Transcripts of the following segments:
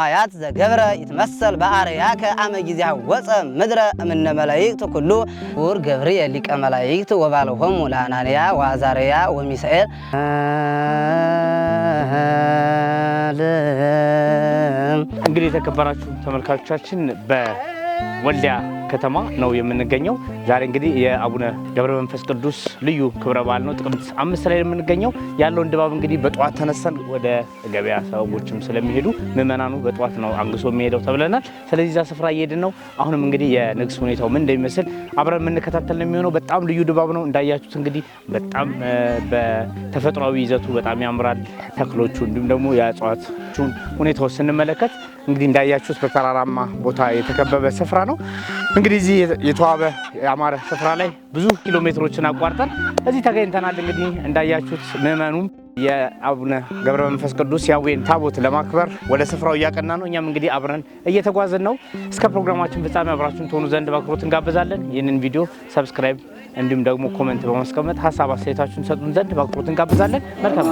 አያት ዘገብረ ይትመሰል በአርያከ አመ ጊዜያ ወፀ ምድረ እምነ መላይክት ኩሉ ውር ገብርኤል ሊቀ መላይክት ወባለሆሙ ለአናንያ ወአዛርያ ወሚሳኤል እንግዲህ የተከበራችሁ ተመልካቾቻችን በወልዲያ ከተማ ነው የምንገኘው። ዛሬ እንግዲህ የአቡነ ገብረ መንፈስ ቅዱስ ልዩ ክብረ በዓል ነው። ጥቅምት አምስት ላይ የምንገኘው ያለውን ድባብ እንግዲህ በጠዋት ተነሰን ወደ ገበያ ሰዎችም ስለሚሄዱ ምዕመናኑ በጠዋት ነው አንግሶ የሚሄደው ተብለናል። ስለዚህ እዛ ስፍራ እየሄድን ነው። አሁንም እንግዲህ የንግስ ሁኔታው ምን እንደሚመስል አብረን የምንከታተል ነው የሚሆነው። በጣም ልዩ ድባብ ነው እንዳያችሁት እንግዲህ በጣም በተፈጥሯዊ ይዘቱ በጣም ያምራል። ተክሎቹ እንዲሁም ደግሞ የእጽዋቶቹን ሁኔታዎች ስንመለከት እንግዲህ እንዳያችሁት በተራራማ ቦታ የተከበበ ስፍራ ነው። እንግዲህ እዚህ የተዋበ ያማረ ስፍራ ላይ ብዙ ኪሎ ሜትሮችን አቋርጠን እዚህ ተገኝተናል። እንግዲህ እንዳያችሁት ምዕመኑም የአቡነ ገብረ መንፈስ ቅዱስ ያዌን ታቦት ለማክበር ወደ ስፍራው እያቀና ነው። እኛም እንግዲህ አብረን እየተጓዝን ነው። እስከ ፕሮግራማችን ፍጻሜ አብራችን ትሆኑ ዘንድ በአክብሮት እንጋብዛለን። ይህንን ቪዲዮ ሰብስክራይብ እንዲሁም ደግሞ ኮመንት በማስቀመጥ ሀሳብ አስተያየታችሁን ሰጡን ዘንድ በአክብሮት እንጋብዛለን። መልካም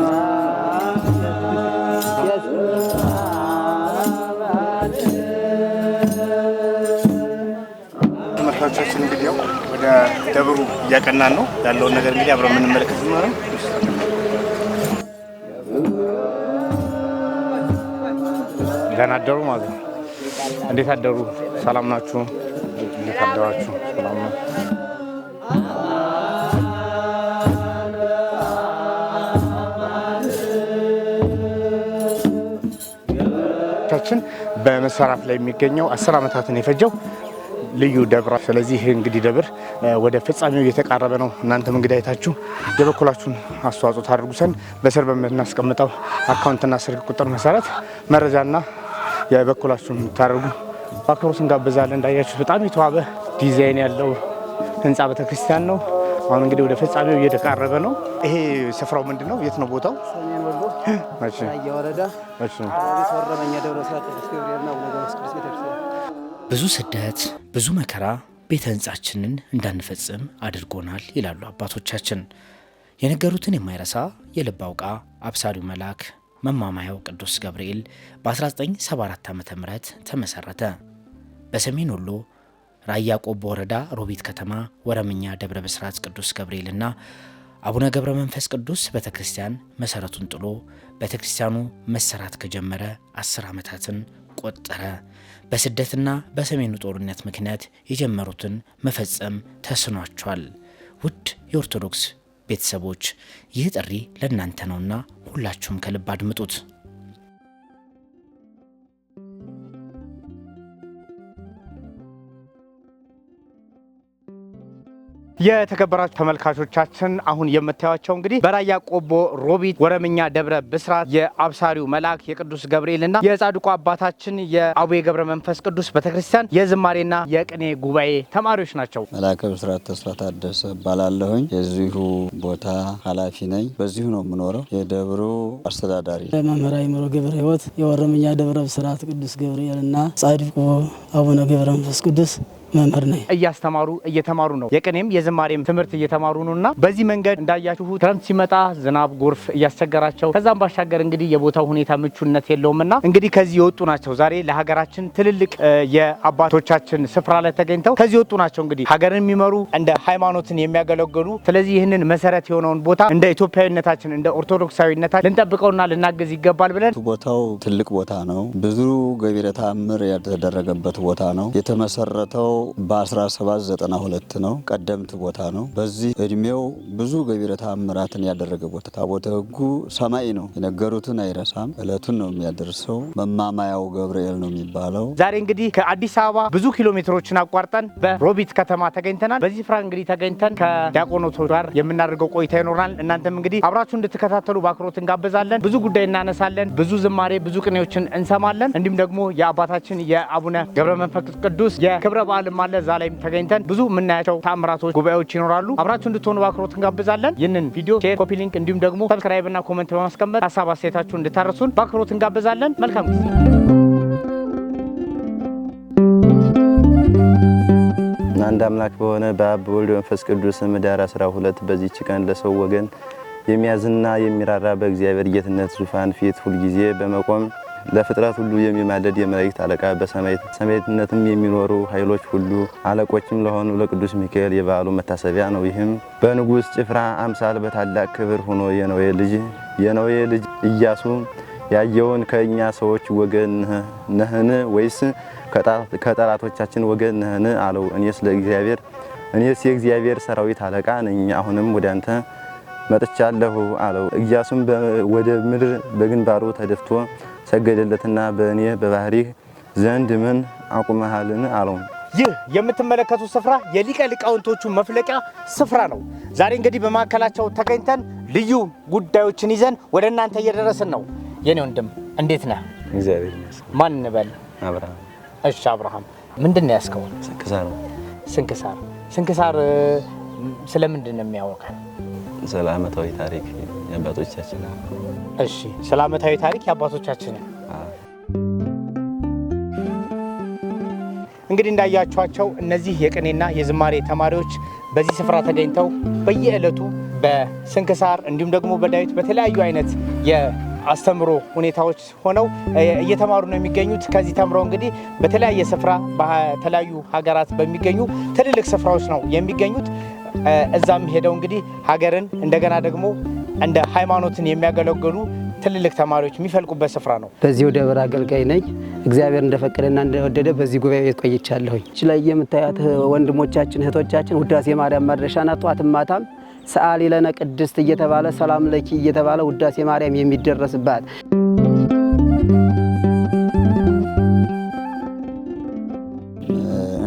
ተጓዦቻችን እንግዲህ ያው ወደ ደብሩ እያቀናን ነው ያለውን ነገር እንግዲህ አብረን የምንመለከት ነው። ደህና አደሩ ማለት ነው። እንዴት አደሩ? ሰላም ናችሁ? እንዴት አደራችሁ? ሰላም ነው። ቻችን በመሰራት ላይ የሚገኘው አስር ዓመታትን የፈጀው ልዩ ደብራ። ስለዚህ እንግዲህ ደብር ወደ ፍጻሜው እየተቃረበ ነው። እናንተም እንግዲህ አይታችሁ የበኩላችሁን አስተዋጽኦ ታደርጉ በስር በምናስቀምጠው አካውንትና ስልክ ቁጥር መሰረት መረጃና የበኩላችሁን ታደርጉ በአክብሮት እንጋብዛለን። እንዳያችሁት በጣም የተዋበ ዲዛይን ያለው ህንፃ ቤተክርስቲያን ነው። አሁን እንግዲህ ወደ ፍጻሜው እየተቃረበ ነው። ይሄ ስፍራው ምንድን ነው? የት ነው ቦታው? ሰሜን ወሎ ወረዳ ብዙ ስደት፣ ብዙ መከራ ቤተ ሕንጻችንን እንዳንፈጽም አድርጎናል ይላሉ አባቶቻችን። የነገሩትን የማይረሳ የልብ አውቃ አብሳሪው መልአክ መማማያው ቅዱስ ገብርኤል በ1974 ዓ ም ተመሠረተ። በሰሜን ወሎ ራያ ቆቦ ወረዳ ሮቢት ከተማ ወረምኛ ደብረ ብስራት ቅዱስ ገብርኤልና አቡነ ገብረ መንፈስ ቅዱስ ቤተ ክርስቲያን መሠረቱን ጥሎ ቤተ ክርስቲያኑ መሰራት ከጀመረ 10 ዓመታትን ተቆጠረ። በስደትና በሰሜኑ ጦርነት ምክንያት የጀመሩትን መፈጸም ተስኗቸዋል። ውድ የኦርቶዶክስ ቤተሰቦች ይህ ጥሪ ለእናንተ ነውና ሁላችሁም ከልብ አድምጡት። የተከበራችሁ ተመልካቾቻችን አሁን የምታዩቸው እንግዲህ በራያ ቆቦ ሮቢት ወረምኛ ደብረ ብስራት የአብሳሪው መልአክ የቅዱስ ገብርኤል እና የጻድቁ አባታችን የአቡነ ገብረ መንፈስ ቅዱስ ቤተክርስቲያን የዝማሬና የቅኔ ጉባኤ ተማሪዎች ናቸው። መልአከ ብስራት ተስፋ ታደሰ እባላለሁኝ። የዚሁ ቦታ ኃላፊ ነኝ። በዚሁ ነው የምኖረው። የደብሩ አስተዳዳሪ መምህር አይምሮ ገብረ ህይወት የወረምኛ ደብረ ብስራት ቅዱስ ገብርኤል እና ጻድቁ አቡነ ገብረ መንፈስ ቅዱስ መምህር ነኝ። እያስተማሩ እየተማሩ ነው። የቅኔም የዝማሬም ትምህርት እየተማሩ ነው እና በዚህ መንገድ እንዳያችሁ ክረምት ሲመጣ ዝናብ፣ ጎርፍ እያስቸገራቸው ከዛም ባሻገር እንግዲህ የቦታው ሁኔታ ምቹነት የለውም እና እንግዲህ ከዚህ የወጡ ናቸው ዛሬ ለሀገራችን ትልልቅ የአባቶቻችን ስፍራ ላይ ተገኝተው ከዚህ የወጡ ናቸው እንግዲህ ሀገርን የሚመሩ እንደ ሃይማኖትን የሚያገለግሉ ስለዚህ ይህንን መሰረት የሆነውን ቦታ እንደ ኢትዮጵያዊነታችን እንደ ኦርቶዶክሳዊነታችን ልንጠብቀውና ልናገዝ ይገባል ብለን ቦታው ትልቅ ቦታ ነው። ብዙ ገቢረ ተአምር የተደረገበት ቦታ ነው። የተመሰረተው በ1792 ነው። ቀደምት ቦታ ነው። በዚህ እድሜው ብዙ ገቢረ ተአምራትን ያደረገ ቦታ ታቦተ ሕጉ ሰማይ ነው። የነገሩትን አይረሳም። እለቱን ነው የሚያደርሰው። መማማያው ገብርኤል ነው የሚባለው። ዛሬ እንግዲህ ከአዲስ አበባ ብዙ ኪሎ ሜትሮችን አቋርጠን በሮቢት ከተማ ተገኝተናል። በዚህ ስፍራ እንግዲህ ተገኝተን ከዲያቆኖቶ ጋር የምናደርገው ቆይታ ይኖራል። እናንተም እንግዲህ አብራችሁ እንድትከታተሉ በአክብሮት እንጋበዛለን። ብዙ ጉዳይ እናነሳለን። ብዙ ዝማሬ፣ ብዙ ቅኔዎችን እንሰማለን። እንዲሁም ደግሞ የአባታችን የአቡነ ገብረ መንፈስ ቅዱስ የክብረ በዓል ቻናልም አለ። እዛ ላይም ተገኝተን ብዙ የምናያቸው ተአምራቶች፣ ጉባኤዎች ይኖራሉ። አብራችሁ እንድትሆኑ በአክብሮት እንጋብዛለን። ይህንን ቪዲዮ ሼር፣ ኮፒ ሊንክ እንዲሁም ደግሞ ሰብስክራይብ እና ኮመንት በማስቀመጥ ሀሳብ አስተያየታችሁን እንድታረሱን በአክብሮት እንጋብዛለን። መልካም ጊዜ አንድ አምላክ በሆነ በአብ ወልድ መንፈስ ቅዱስ ህዳር 12 በዚች ቀን ለሰው ወገን የሚያዝና የሚራራ በእግዚአብሔር ጌትነት ዙፋን ፊት ሁልጊዜ በመቆም ለፍጥረት ሁሉ የሚማለድ የመላእክት አለቃ በሰማዕትነትም የሚኖሩ ኃይሎች ሁሉ አለቆችም ለሆኑ ለቅዱስ ሚካኤል የበዓሉ መታሰቢያ ነው። ይህም በንጉሥ ጭፍራ አምሳል በታላቅ ክብር ሆኖ የነዌ ልጅ የነዌ ልጅ እያሱ ያየውን ከእኛ ሰዎች ወገን ነህን ወይስ ከጠላቶቻችን ወገን ነህን አለው። እኔስ ለእግዚአብሔር እኔስ የእግዚአብሔር ሰራዊት አለቃ ነኝ፣ አሁንም ወደ አንተ መጥቻለሁ አለው። እያሱም ወደ ምድር በግንባሩ ተደፍቶ ሰገደለትና በእኔ በባህሪህ ዘንድ ምን አቁመሃልን አለው። ይህ የምትመለከቱት ስፍራ የሊቀ ሊቃውንቶቹ መፍለቂያ ስፍራ ነው። ዛሬ እንግዲህ በማዕከላቸው ተገኝተን ልዩ ጉዳዮችን ይዘን ወደ እናንተ እየደረስን ነው። የኔ ወንድም እንዴት ነህ? እግዚአብሔር ይመስገን። ማን እንበል? አብርሃም። እሺ አብርሃም፣ ምንድን ነው ያስከውን? ስንክሳር ነው። ስንክሳር ስንክሳር ስለምንድን ነው የሚያወቀ? ስለ አመታዊ ታሪክ የአባቶቻችን እሺ ስለ ዓመታዊ ታሪክ የአባቶቻችን እንግዲህ እንዳያችኋቸው እነዚህ የቅኔና የዝማሬ ተማሪዎች በዚህ ስፍራ ተገኝተው በየዕለቱ በስንክሳር እንዲሁም ደግሞ በዳዊት በተለያዩ አይነት የአስተምሮ ሁኔታዎች ሆነው እየተማሩ ነው የሚገኙት። ከዚህ ተምረው እንግዲህ በተለያየ ስፍራ በተለያዩ ሀገራት በሚገኙ ትልልቅ ስፍራዎች ነው የሚገኙት። እዛም ሄደው እንግዲህ ሀገርን እንደገና ደግሞ እንደ ሃይማኖትን የሚያገለግሉ ትልልቅ ተማሪዎች የሚፈልቁበት ስፍራ ነው። በዚህ ደብር አገልጋይ ነኝ። እግዚአብሔር እንደፈቀደና እንደወደደ በዚህ ጉባኤ ቤት ቆይቻለሁኝ። እች ላይ የምታያት ወንድሞቻችን እህቶቻችን ውዳሴ ማርያም መድረሻና ጠዋትም ማታም ሰአሊ ለነ ቅድስት እየተባለ ሰላም ለኪ እየተባለ ውዳሴ ማርያም የሚደረስባት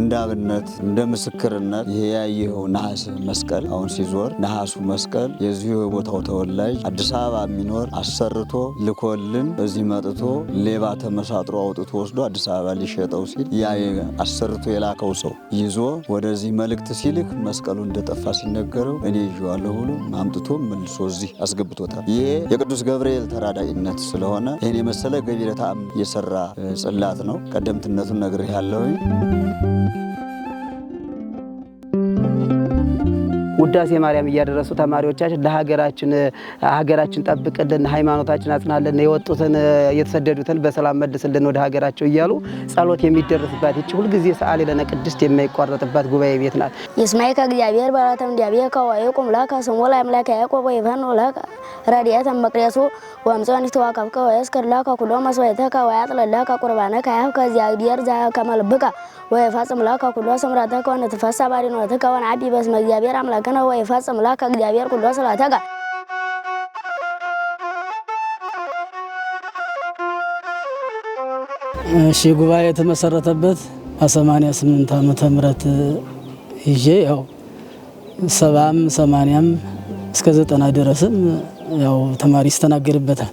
እንደ አብነት እንደ ምስክርነት ይሄ ያየኸው ነሐስ መስቀል አሁን ሲዞር ነሐሱ መስቀል የዚሁ የቦታው ተወላጅ አዲስ አበባ የሚኖር አሰርቶ ልኮልን እዚህ መጥቶ ሌባ ተመሳጥሮ አውጥቶ ወስዶ አዲስ አበባ ሊሸጠው ሲል ያ አሰርቶ የላከው ሰው ይዞ ወደዚህ መልእክት ሲልክ መስቀሉ እንደጠፋ ሲነገረው እኔ ይዤዋለሁ ብሎ አምጥቶ መልሶ እዚህ አስገብቶታል። ይሄ የቅዱስ ገብርኤል ተራዳኢነት ስለሆነ ይህን የመሰለ ገቢረ ተአምር የሰራ ጽላት ነው። ቀደምትነቱን ነግሬሃለሁኝ። ውዳሴ ማርያም እያደረሱ ተማሪዎቻችን ለሀገራችን ሀገራችን ጠብቅልን፣ ሃይማኖታችን አጽናልን፣ የወጡትን የተሰደዱትን በሰላም መልስልን ወደ ሀገራቸው እያሉ ጸሎት የሚደረስባት ይች ሁልጊዜ ሰዓሊ ለነ ቅድስት የማይቋረጥባት ጉባኤ ቤት ናት። ይስማይከ እግዚአብሔር ባራተም እግዚአብሔር ከዋየቁም ላካ ስሙ ለአምላክ ያዕቆብ ወይፈኖ ላከ ረድኤተ መቅደሱ ወምፆን ይተዋከብከ ወየስክር ላከ ኩሎ ወያጥለላካ ወያጥለላከ ቁርባነከ ያብከ እግዚአብሔር ከመልብካ ወይፈጽም ለከ ኩሎ ስምረተከ ወንትፈሳ ባዲኖትከ ወንአቢ በስመ እግዚአብሔር አምላክነ ወይፈጽም ለከ እግዚአብሔር ኩሎ ስእለተከ እሺ ጉባኤ የተመሰረተበት በሰማንያ ስምንት ዓመተ ምህረት ይዤ ያው ሰባም ሰማንያም እስከ ዘጠና ድረስም ያው ተማሪ ይስተናገድበታል።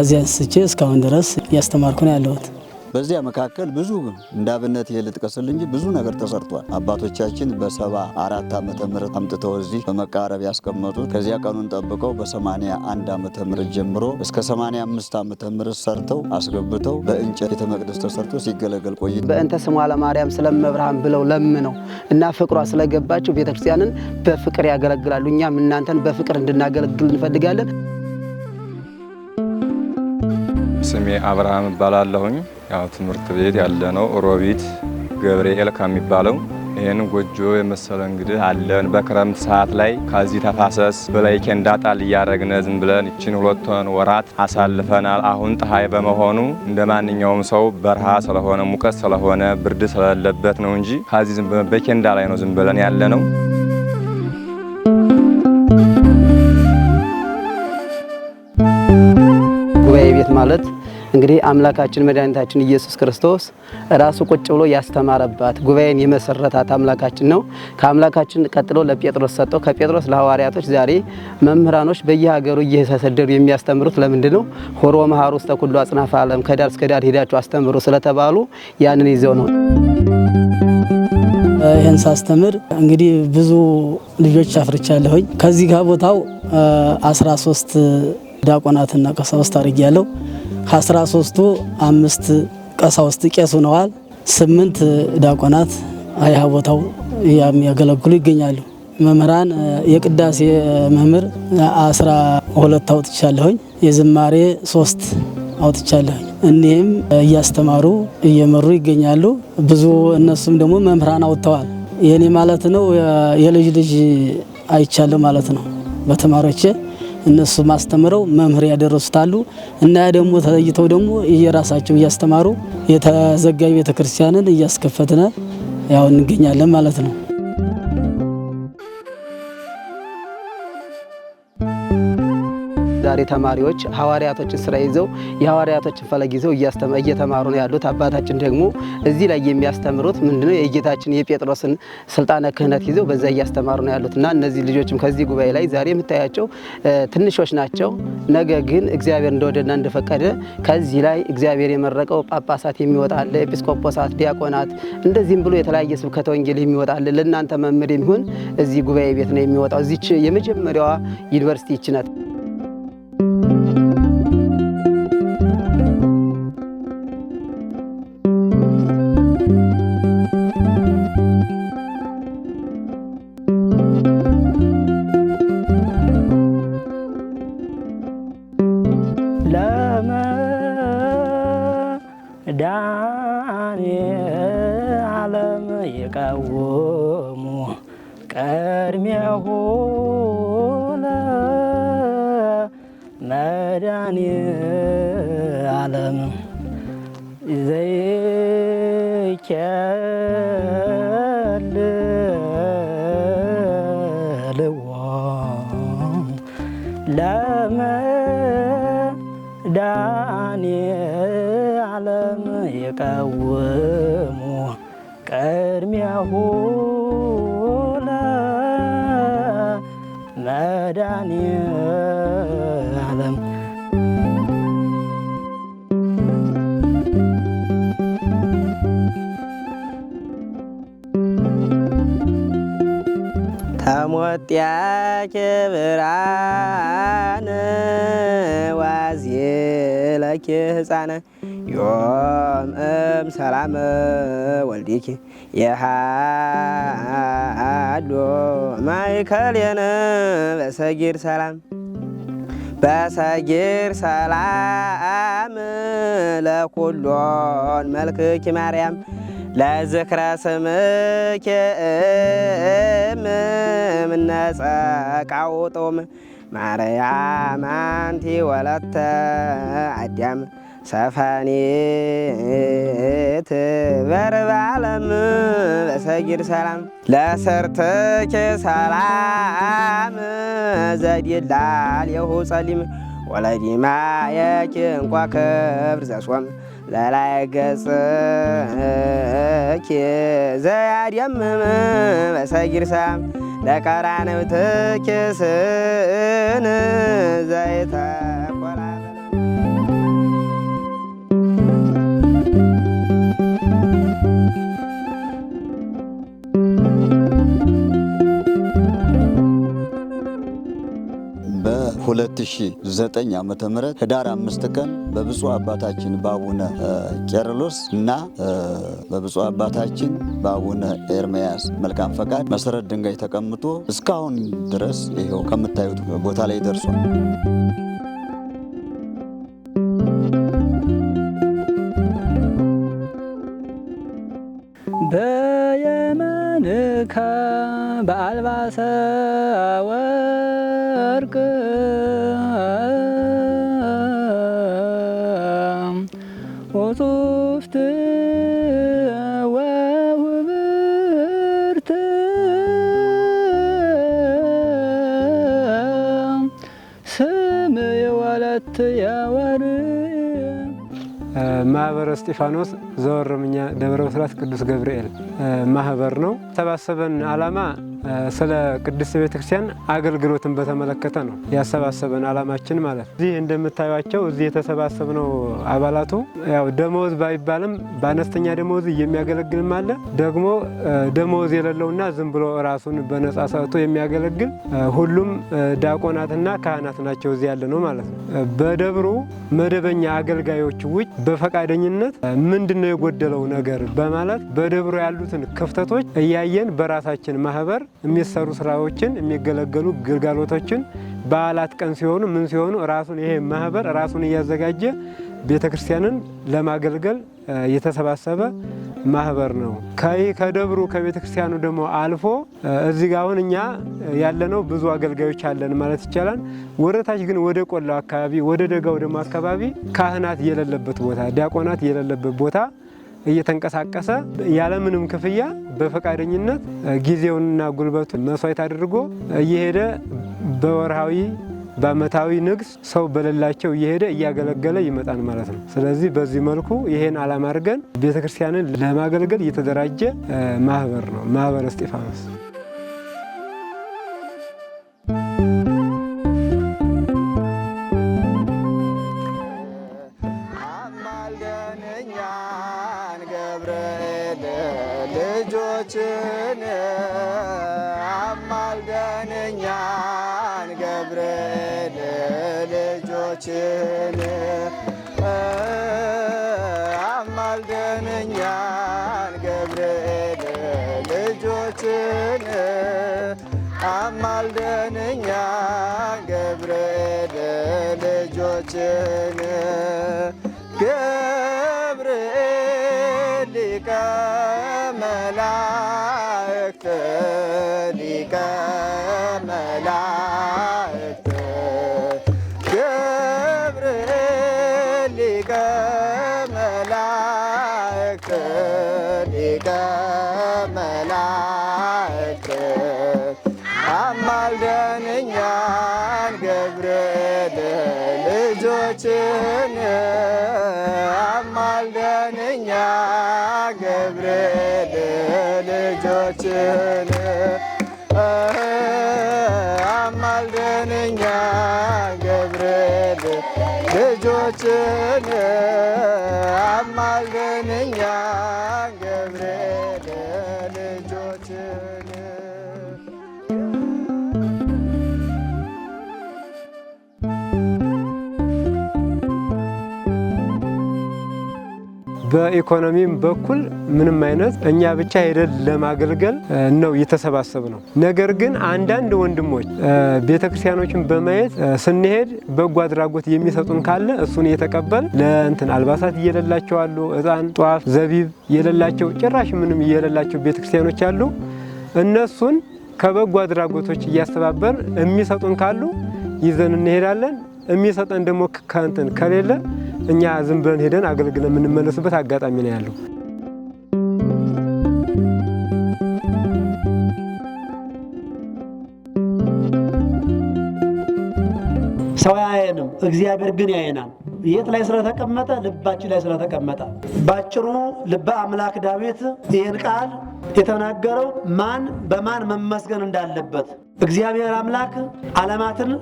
አዚያ አንስቼ እስካሁን ድረስ እያስተማርኩ ነው ያለሁት። በዚያ መካከል ብዙ እንዳብነት አብነት ይሄ ልጥቀስል እንጂ ብዙ ነገር ተሰርቷል። አባቶቻችን በሰባ አራት ዓመተ ምህረት አምጥተው እዚህ በመቃረብ ያስቀመጡት ከዚያ ቀኑን ጠብቀው በሰማንያ አንድ ዓመተ ምህረት ጀምሮ እስከ ሰማንያ አምስት ዓመተ ምህረት ሰርተው አስገብተው በእንጨት ቤተ መቅደስ ተሰርቶ ሲገለገል ቆይ በእንተ ስሟ ለማርያም ስለመብርሃን ብለው ለምነው እና ፍቅሯ ስለገባቸው ቤተክርስቲያንን በፍቅር ያገለግላሉ። እኛም እናንተን በፍቅር እንድናገለግል እንፈልጋለን። ስሜ አብርሃም እባላለሁኝ። ያው ትምህርት ቤት ያለ ነው ሮቢት ገብርኤል ከሚባለው ይህን ጎጆ የመሰለ እንግዲህ አለን። በክረምት ሰዓት ላይ ከዚህ ተፋሰስ በላይ ኬንዳ ጣል እያደረግነ ዝም ብለን ይችን ሁለቱን ወራት አሳልፈናል። አሁን ፀሐይ በመሆኑ እንደ ማንኛውም ሰው በረሃ ስለሆነ ሙቀት ስለሆነ ብርድ ስለሌለበት ነው እንጂ ከዚህ ዝም ብለን በኬንዳ ላይ ነው ዝም ብለን ያለ ነው። ጉባኤ ቤት ማለት እንግዲህ አምላካችን መድኃኒታችን ኢየሱስ ክርስቶስ ራሱ ቁጭ ብሎ ያስተማረባት ጉባኤን የመሰረታት አምላካችን ነው። ከአምላካችን ቀጥሎ ለጴጥሮስ ሰጠ፣ ከጴጥሮስ ለሐዋርያቶች። ዛሬ መምህራኖች በየሀገሩ እየተሰደዱ የሚያስተምሩት ለምንድን ነው? ሆሮ መሐሩ ውስተ ኩሉ አጽናፈ ዓለም ከዳር እስከ ዳር ሄዳችሁ አስተምሩ ስለተባሉ ያንን ይዘው ነው። ይህን ሳስተምር እንግዲህ ብዙ ልጆች አፍርቻለሁኝ። ከዚህ ጋር ቦታው 13 ዲያቆናትና ቀሳውስት አድርጌያለሁ። ከአስራ ሶስቱ አምስት ቀሳውስት ቄስ ሆነዋል። ስምንት ዲያቆናት አያ ቦታው የሚያገለግሉ ይገኛሉ። መምህራን የቅዳሴ መምህር አስራ ሁለት አውጥቻለሁኝ። የዝማሬ ሶስት አውጥቻለሁኝ። እኒህም እያስተማሩ እየመሩ ይገኛሉ። ብዙ እነሱም ደግሞ መምህራን አውጥተዋል። የእኔ ማለት ነው የልጅ ልጅ አይቻለሁ ማለት ነው በተማሪዎቼ እነሱ ማስተምረው መምህር ያደረሱታሉ እና ያ ደግሞ ተለይተው ደግሞ እየራሳቸው እያስተማሩ የተዘጋጅ ቤተክርስቲያንን እያስከፈትነ ያው እንገኛለን ማለት ነው። ተጨማሪ ተማሪዎች ሐዋርያቶችን ስራ ይዘው የሐዋርያቶችን ፈለግ ይዘው እየተማሩ ነው ያሉት። አባታችን ደግሞ እዚህ ላይ የሚያስተምሩት ምንድነው የጌታችን የጴጥሮስን ስልጣነ ክህነት ይዘው በዛ እያስተማሩ ነው ያሉት እና እነዚህ ልጆችም ከዚህ ጉባኤ ላይ ዛሬ የምታያቸው ትንሾች ናቸው። ነገ ግን እግዚአብሔር እንደወደና እንደፈቀደ ከዚህ ላይ እግዚአብሔር የመረቀው ጳጳሳት የሚወጣ ኤጲስቆጶሳት፣ ዲያቆናት እንደዚህም ብሎ የተለያየ ስብከተ ወንጌል የሚወጣለ ለእናንተ መምህር የሚሆን እዚህ ጉባኤ ቤት ነው የሚወጣው። እዚች የመጀመሪያዋ ዩኒቨርሲቲ ይችናት። መድኃኔዓለም ይቀውሙ ቅድሚያሁ ለመድኃኔዓለም ተሞጥያኬ ብርሃን ዋዜ ለኪ ህፃነ ዮም እም ሰላም ወልዲኪ የሃዶ ማይከልየነ በሰጊር ሰላም በሰጊር ሰላም ለኩሎን መልክኪ ማርያም ለዝክረ ስምኪ እም እምነጸቃውጦም ማርያም አንቲ ወለተ አዳም ሰፋኔት በርባለም በሰጊድ ሰላም ለሰርተኬ ሰላም ዘዲላል የሁ ጸሊም ወለዲማ የኪ እንኳ ክብር ዘሶም ለላይ ገጽኪ ዘያድየምህም በሰጊድ ሰላም ለቀራንብትኪ ስእን ዘይታ 2009 ዓ ም ህዳር አምስት ቀን በብፁዕ አባታችን በአቡነ ቄርሎስ እና በብፁዕ አባታችን በአቡነ ኤርምያስ መልካም ፈቃድ መሰረት ድንጋይ ተቀምጦ እስካሁን ድረስ ይኸው ከምታዩት ቦታ ላይ ደርሷል። በየመንከ በአልባሰ ደብረ እስጢፋኖስ ዘወረምኛ ደብረ ብስራት ቅዱስ ገብርኤል ማህበር ነው። ተባሰበን አላማ ስለ ቅድስት ቤተክርስቲያን አገልግሎትን በተመለከተ ነው ያሰባሰበን አላማችን ማለት ነው። እዚህ እንደምታዩቸው እዚህ የተሰባሰብ ነው አባላቱ ያው ደመወዝ ባይባልም በአነስተኛ ደመወዝ የሚያገለግልም አለ፣ ደግሞ ደመወዝ የሌለውና ዝም ብሎ ራሱን በነጻ ሰጥቶ የሚያገለግል ሁሉም ዲያቆናትና ካህናት ናቸው እዚህ ያለ ነው ማለት ነው። በደብሩ መደበኛ አገልጋዮች ውጭ በፈቃደኝነት ምንድነው የጎደለው ነገር በማለት በደብሩ ያሉትን ክፍተቶች እያየን በራሳችን ማህበር የሚሰሩ ስራዎችን የሚገለገሉ ግልጋሎቶችን በዓላት ቀን ሲሆኑ ምን ሲሆኑ ራሱን ይሄ ማህበር ራሱን እያዘጋጀ ቤተ ክርስቲያንን ለማገልገል የተሰባሰበ ማህበር ነው። ከይህ ከደብሩ ከቤተ ክርስቲያኑ ደግሞ አልፎ እዚህ ጋ አሁን እኛ ያለነው ብዙ አገልጋዮች አለን ማለት ይቻላል። ወደ ታች ግን ወደ ቆላው አካባቢ ወደ ደጋው ደግሞ አካባቢ ካህናት የሌለበት ቦታ፣ ዲያቆናት የሌለበት ቦታ እየተንቀሳቀሰ ያለምንም ክፍያ በፈቃደኝነት ጊዜውንና ጉልበቱን መስዋዕት አድርጎ እየሄደ በወርሃዊ በአመታዊ ንግስ ሰው በሌላቸው እየሄደ እያገለገለ ይመጣል ማለት ነው። ስለዚህ በዚህ መልኩ ይሄን አላማ አድርገን ቤተክርስቲያንን ለማገልገል እየተደራጀ ማህበር ነው ማህበረ እስጢፋኖስ። good. አማልደን አማልደን እኛን በኢኮኖሚም በኩል ምንም አይነት እኛ ብቻ ሄደን ለማገልገል ነው እየተሰባሰብ ነው። ነገር ግን አንዳንድ ወንድሞች ቤተ ክርስቲያኖችን በማየት ስንሄድ በጎ አድራጎት የሚሰጡን ካለ እሱን እየተቀበል ለእንትን አልባሳት እየሌላቸው አሉ፣ እጣን፣ ጧፍ፣ ዘቢብ የሌላቸው ጭራሽ ምንም የሌላቸው ቤተ ክርስቲያኖች አሉ። እነሱን ከበጎ አድራጎቶች እያስተባበር የሚሰጡን ካሉ ይዘን እንሄዳለን። የሚሰጠን ደግሞ ከእንትን ከሌለ እኛ ዝም ብለን ሄደን አገልግለን የምንመለስበት አጋጣሚ ነው ያለው። ሰው አያየንም፣ እግዚአብሔር ግን ያየናል። የት ላይ ስለተቀመጠ? ልባችን ላይ ስለተቀመጠ። ባጭሩ ልበ አምላክ ዳዊት ይህን ቃል የተናገረው ማን በማን መመስገን እንዳለበት እግዚአብሔር አምላክ ዓለማትን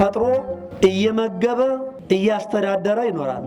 ፈጥሮ እየመገበ እያስተዳደረ ይኖራል።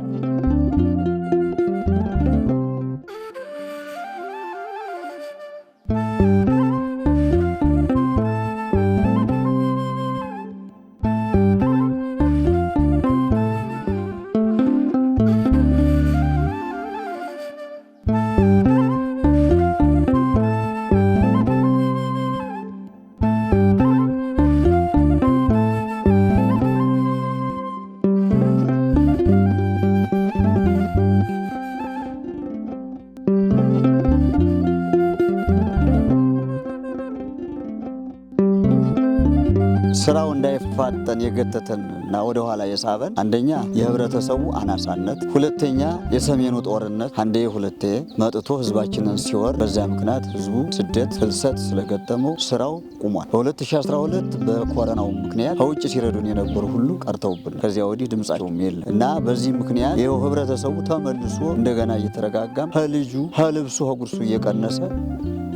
የገተተን እና ኋላ የሳበን አንደኛ የህብረተሰቡ አናሳነት፣ ሁለተኛ የሰሜኑ ጦርነት አንዴ ሁለቴ መጥቶ ህዝባችንን ሲወር፣ በዚያ ምክንያት ህዝቡ ስደት ፍልሰት ስለገጠመው ስራው ቁሟል። በ2012 በኮረናው ምክንያት ከውጭ ሲረዱን የነበሩ ሁሉ ቀርተውብን ከዚያ ወዲህ ድምጻቸውም የለም እና በዚህ ምክንያት ይኸው ህብረተሰቡ ተመልሶ እንደገና እየተረጋጋም ከልጁ ከልብሱ ከጉርሱ እየቀነሰ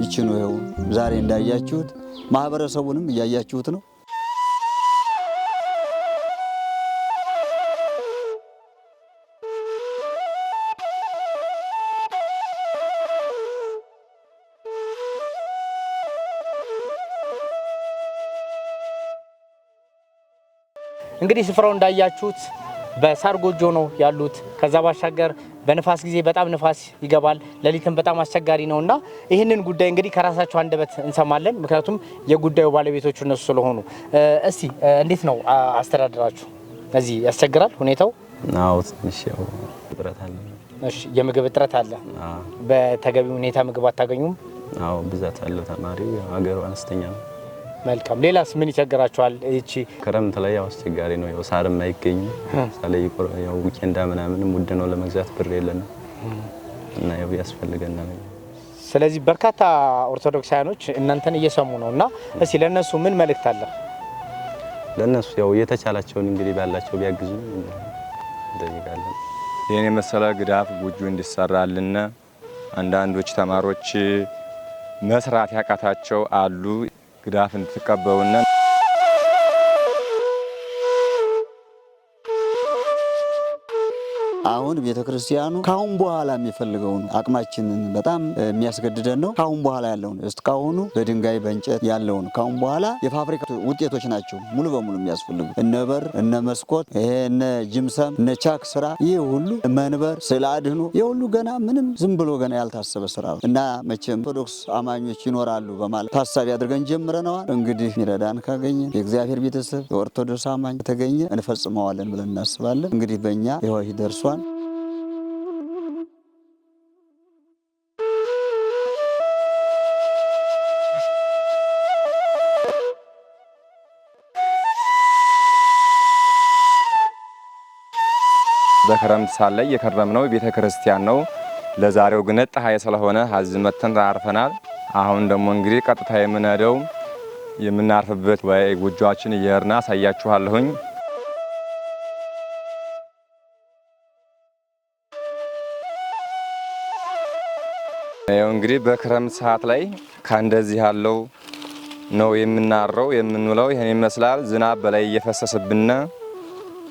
ይችኑ ይኸው ዛሬ እንዳያችሁት ማህበረሰቡንም እያያችሁት ነው። እንግዲህ ስፍራው እንዳያችሁት በሳር ጎጆ ነው ያሉት። ከዛ ባሻገር በንፋስ ጊዜ በጣም ንፋስ ይገባል፣ ሌሊትም በጣም አስቸጋሪ ነው እና ይህንን ጉዳይ እንግዲህ ከራሳቸው አንደበት እንሰማለን። ምክንያቱም የጉዳዩ ባለቤቶቹ እነሱ ስለሆኑ። እስቲ እንዴት ነው አስተዳደራችሁ? እዚህ ያስቸግራል ሁኔታው? አዎ ትንሽ ያው እጥረት አለ። እሺ የምግብ እጥረት አለ። በተገቢ ሁኔታ ምግብ አታገኙም? አዎ ብዛት አለ። ተማሪ ሀገሩ አነስተኛ ነው። መልካም። ሌላስ ምን ይቸግራቸዋል? ይቺ ክረምት ላይ ያው አስቸጋሪ ነው። ያው ሳርም አይገኝ ሳለ ያው ዊኬንዳ ምናምንም ውድ ነው ለመግዛት ብር የለንም እና ያው ያስፈልገናል። ስለዚህ በርካታ ኦርቶዶክሳውያኖች እናንተን እየሰሙ ነው እና እስቲ ለእነሱ ምን መልእክት አለ? ለእነሱ ያው የተቻላቸውን እንግዲህ ባላቸው ቢያግዙ እንጠይቃለን። ይህን የመሰለ ግዳፍ ጎጆ እንዲሰራልን አንዳንዶች ተማሪዎች መስራት ያቃታቸው አሉ። ግዳፍ እንድትቀበሉና አሁን ቤተ ክርስቲያኑ ካሁን በኋላ የሚፈልገውን አቅማችንን በጣም የሚያስገድደን ነው። ካሁን በኋላ ያለውን እስካሁኑ በድንጋይ በእንጨት ያለውን ካሁን በኋላ የፋብሪካ ውጤቶች ናቸው ሙሉ በሙሉ የሚያስፈልጉ እነ በር፣ እነ መስኮት፣ ይሄ እነ ጅምሰም፣ እነ ቻክ ስራ፣ ይህ ሁሉ መንበር፣ ስዕል አድኖ የሁሉ ገና ምንም ዝም ብሎ ገና ያልታሰበ ስራ ነው እና መቼም ኦርቶዶክስ አማኞች ይኖራሉ በማለት ታሳቢ አድርገን ጀምረነዋል። እንግዲህ ሚረዳን ካገኘ የእግዚአብሔር ቤተሰብ የኦርቶዶክስ አማኝ ከተገኘ እንፈጽመዋለን ብለን እናስባለን። እንግዲህ በእኛ ይህ ደርሷል። በክረምት ሳለ ነው ቤተ ክርስቲያን ነው። ለዛሬው ግን ፀሐይ ስለሆነ ሀዝመተን መተን ተናርፈናል። አሁን ደግሞ እንግዲህ ቀጥታ የምንሄደው የምናርፍበት ወይ ጎጆችን እየሄድን አሳያችኋለሁኝ። ያው እንግዲህ በክረምት ሰዓት ላይ ከእንደዚህ ያለው ነው የምናረው የምንውለው። ይህን ይመስላል። ዝናብ በላይ እየፈሰሰብን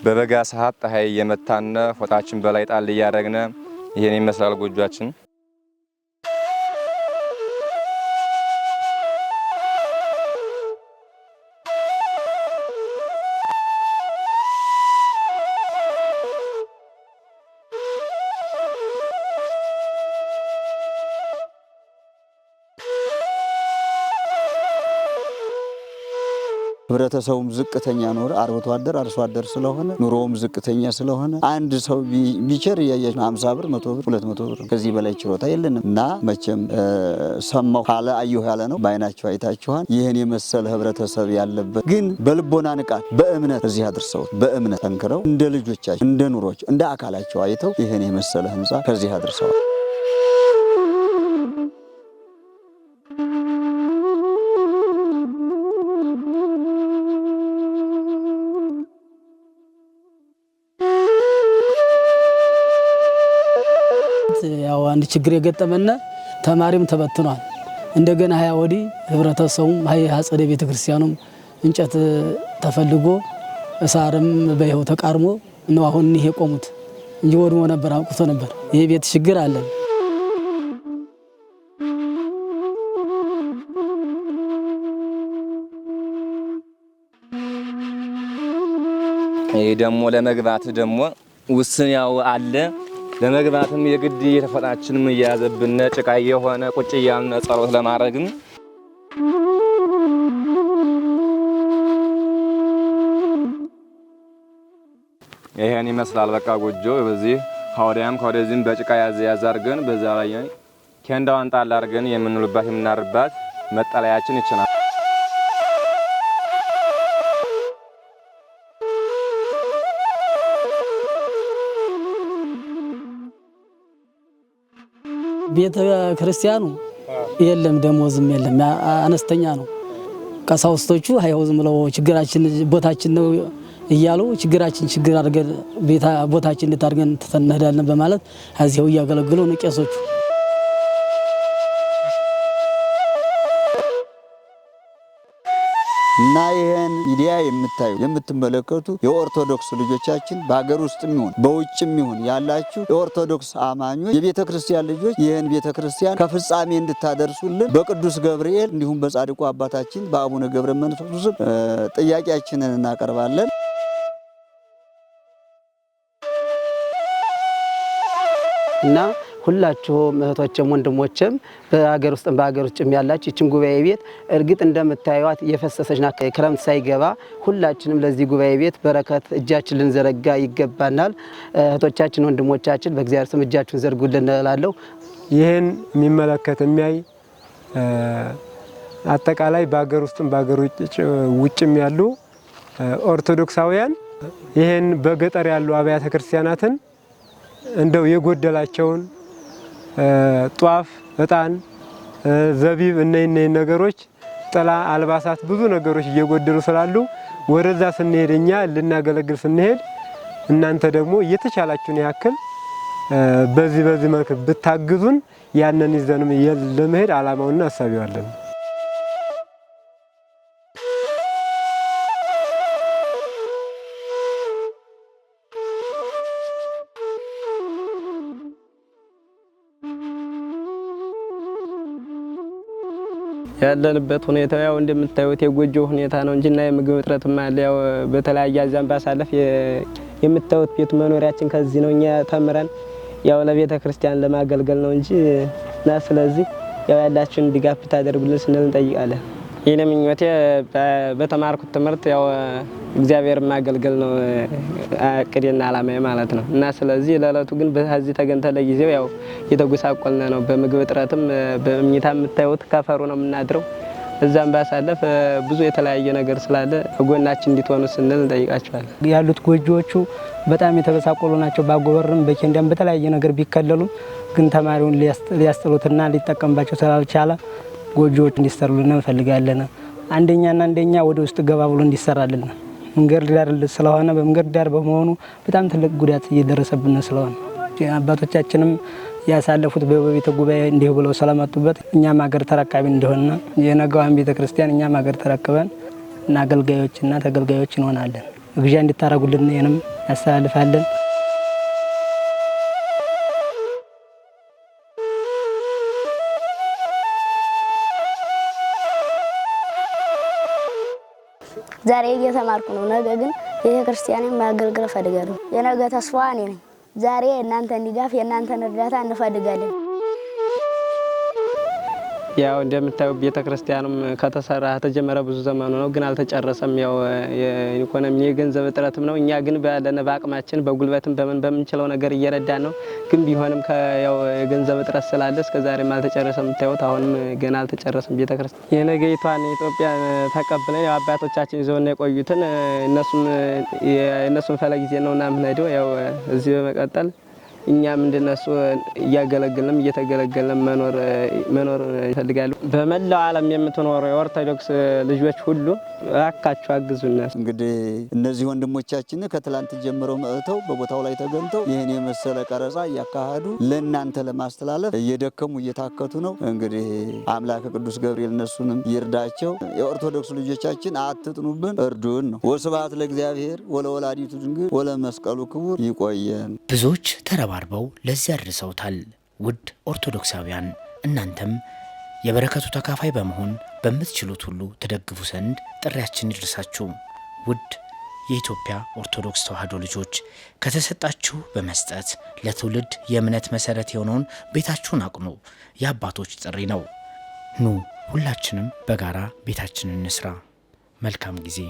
በበጋ ሰዓት ፀሐይ እየመታን ፎጣችን በላይ ጣል እያደረግነ ይህን ይመስላል ጎጇችን። ህብረተሰቡም ዝቅተኛ ኑሮ አርብቶ አደር አርሶ አደር ስለሆነ ኑሮውም ዝቅተኛ ስለሆነ አንድ ሰው ቢቸር እያያች አምሳ ብር መቶ ብር ሁለት መቶ ብር ከዚህ በላይ ችሮታ የለንም እና መቼም ሰማሁ ካለ አየሁ ያለ ነው። በአይናቸው አይታችኋል። ይህን የመሰለ ህብረተሰብ ያለበት ግን በልቦና ንቃት በእምነት እዚህ አድርሰውት በእምነት ጠንክረው እንደ ልጆቻቸው እንደ ኑሮች እንደ አካላቸው አይተው ይህን የመሰለ ህንፃ ከዚህ አድርሰዋል። ችግር የገጠመነ ተማሪም ተበትኗል። እንደገና ሀያ ወዲህ ህብረተሰቡም ሀያ አጸደ ቤተ ክርስቲያኑም እንጨት ተፈልጎ እሳርም በይኸው ተቃርሞ ነው አሁን እኒህ የቆሙት እንጂ ወድሞ ነበር አውቅቶ ነበር። ይህ ቤት ችግር አለን። ይህ ደግሞ ለመግባት ደግሞ ውስን ያው አለ ለመግባትም የግድ የተፈጣችንም እየያዘብን ጭቃ የሆነ ቁጭ እያልን ጸሎት ለማድረግም ይሄን ይመስላል። በቃ ጎጆ በዚህ ከወዲያም ከወደዚህም በጭቃ ያዘ ያዘ አድርገን በዛ ላይ ኬንዳዋን ጣል አድርገን የምንውልባት የምናርባት መጠለያችን ይችናል። ቤተ ክርስቲያኑ የለም ደሞዝም የለም፣ አነስተኛ ነው። ቀሳውስቶቹ ሀይሆ ዝም ብለው ችግራችን ቦታችን ነው እያሉ ችግራችን ችግር አድርገን ቦታችን እንድታድርገን ትተን እንሄዳለን በማለት እዚያው እያገለግሉ ነው ቄሶቹ። እና ይህን ሚዲያ የምታዩ የምትመለከቱ የኦርቶዶክስ ልጆቻችን በሀገር ውስጥ ይሁን በውጭም ይሁን ያላችሁ የኦርቶዶክስ አማኞች የቤተ ክርስቲያን ልጆች ይህን ቤተ ክርስቲያን ከፍጻሜ እንድታደርሱልን በቅዱስ ገብርኤል እንዲሁም በጻድቁ አባታችን በአቡነ ገብረ መንፈስ ስም ጥያቄያችንን እናቀርባለን። እና ሁላችሁም እህቶችም ወንድሞችም በሀገር ውስጥም በሀገር ውጭም ያላችሁ ይችን ጉባኤ ቤት እርግጥ እንደምታዩት የፈሰሰች ና ክረምት ሳይገባ ሁላችንም ለዚህ ጉባኤ ቤት በረከት እጃችን ልንዘረጋ ይገባናል። እህቶቻችን ወንድሞቻችን፣ በእግዚአብሔር ስም እጃችሁን ዘርጉልን እላለሁ። ይህን የሚመለከት የሚያይ አጠቃላይ በሀገር ውስጥም በሀገር ውጭም ያሉ ኦርቶዶክሳውያን ይህን በገጠር ያሉ አብያተ ክርስቲያናትን እንደው የጎደላቸውን ጧፍ፣ እጣን፣ ዘቢብ እነ እነኝ ነገሮች ጥላ፣ አልባሳት ብዙ ነገሮች እየጎደሉ ስላሉ ወደዛ ስንሄድ እኛ ልናገለግል ስንሄድ እናንተ ደግሞ እየተቻላችሁን ያክል በዚህ በዚህ መልክ ብታግዙን ያንን ይዘንም ለመሄድ አላማውና አሳቢዋለን። ያለንበት ሁኔታ ያው እንደምታዩት የጎጆ ሁኔታ ነው እንጂና የምግብ እጥረት አለ። ያው በተለያየ አዛም ባሳለፍ የምታዩት ቤቱ መኖሪያችን ከዚህ ነው። እኛ ተምረን ያው ለቤተ ክርስቲያን ለማገልገል ነው እንጂ እና ስለዚህ ያው ያላችሁን ድጋፍ ብታደርጉልን ስንል እንጠይቃለን። የኔ ምኞቴ በተማርኩት ትምህርት ያው እግዚአብሔር ማገልገል ነው እቅዴና አላማዬ ማለት ነው። እና ስለዚህ ለእለቱ ግን በዚህ ተገንተ ለጊዜው ያው የተጎሳቆልን ነው። በምግብ እጥረትም በእምኝታ የምታዩት ከፈሩ ነው የምናድረው። እዛም ባሳለፍ ብዙ የተለያየ ነገር ስላለ ጎናችን እንዲትሆኑ ስንል እንጠይቃቸዋለን። ያሉት ጎጆዎቹ በጣም የተበሳቆሉ ናቸው። ባጎበርም በኬንዳም በተለያየ ነገር ቢከለሉም ግን ተማሪውን ሊያስጥሉትና ሊጠቀምባቸው ስላልቻለ ጎጆዎች እንዲሰሩልን እንፈልጋለን። አንደኛና አንደኛ ወደ ውስጥ ገባ ብሎ እንዲሰራልን መንገድ ዳር ስለሆነ በመንገድ ዳር በመሆኑ በጣም ትልቅ ጉዳት እየደረሰብን ስለሆነ አባቶቻችንም ያሳለፉት በቤተ ጉባኤ እንዲህ ብለው ስለመጡበት እኛም ሀገር ተረካቢ እንደሆነ የነገዋን ቤተ ክርስቲያን እኛም ሀገር ተረክበን እና አገልጋዮችና ተገልጋዮች እንሆናለን። እግዣ እንድታረጉልን ይህንም ያስተላልፋለን። ዛሬ እየተማርኩ ነው። ነገ ግን ቤተ ክርስቲያን ማገልገል እፈልጋለሁ። የነገ ተስፋ እኔ ነኝ። ዛሬ የእናንተን ድጋፍ፣ የእናንተን እርዳታ እንፈልጋለን። ያው እንደምታዩ ቤተክርስቲያኑም ከተሰራ ተጀመረ ብዙ ዘመኑ ነው፣ ግን አልተጨረሰም። ያው ኢኮኖሚ የገንዘብ እጥረትም ነው። እኛ ግን ባለነ በአቅማችን በጉልበትም በምን በምንችለው ነገር እየረዳን ነው። ግን ቢሆንም ያው የገንዘብ እጥረት ስላለ እስከዛሬም አልተጨረሰም። የምታዩት አሁንም ገና አልተጨረሰም ቤተክርስቲያን። የነገይቷን ኢትዮጵያ ተቀብለን ያው አባቶቻችን ይዘውና የቆዩትን እነሱን ፈለጊዜ ነውና ምንሄደው ያው እዚህ በመቀጠል እኛ ምንድነሱ እያገለገልንም እየተገለገለም መኖር እንፈልጋለን። በመላው ዓለም የምትኖረው የኦርቶዶክስ ልጆች ሁሉ እባካችሁ አግዙና እንግዲህ እነዚህ ወንድሞቻችን ከትላንት ጀምሮ መጥተው በቦታው ላይ ተገኝተው ይህን የመሰለ ቀረጻ እያካሄዱ ለእናንተ ለማስተላለፍ እየደከሙ እየታከቱ ነው። እንግዲህ አምላክ ቅዱስ ገብርኤል እነሱንም ይርዳቸው። የኦርቶዶክስ ልጆቻችን አትጥኑብን፣ እርዱን ነው። ወስብሐት ለእግዚአብሔር ወለወላዲቱ ድንግል ወለመስቀሉ ክቡር። ይቆየን ብዙዎች ተረባ ተረባርበው ለዚህ አድርሰውታል። ውድ ኦርቶዶክሳውያን እናንተም የበረከቱ ተካፋይ በመሆን በምትችሉት ሁሉ ትደግፉ ዘንድ ጥሪያችን ይድረሳችሁ። ውድ የኢትዮጵያ ኦርቶዶክስ ተዋሕዶ ልጆች ከተሰጣችሁ በመስጠት ለትውልድ የእምነት መሰረት የሆነውን ቤታችሁን አቅኑ። የአባቶች ጥሪ ነው። ኑ ሁላችንም በጋራ ቤታችንን እንስራ። መልካም ጊዜ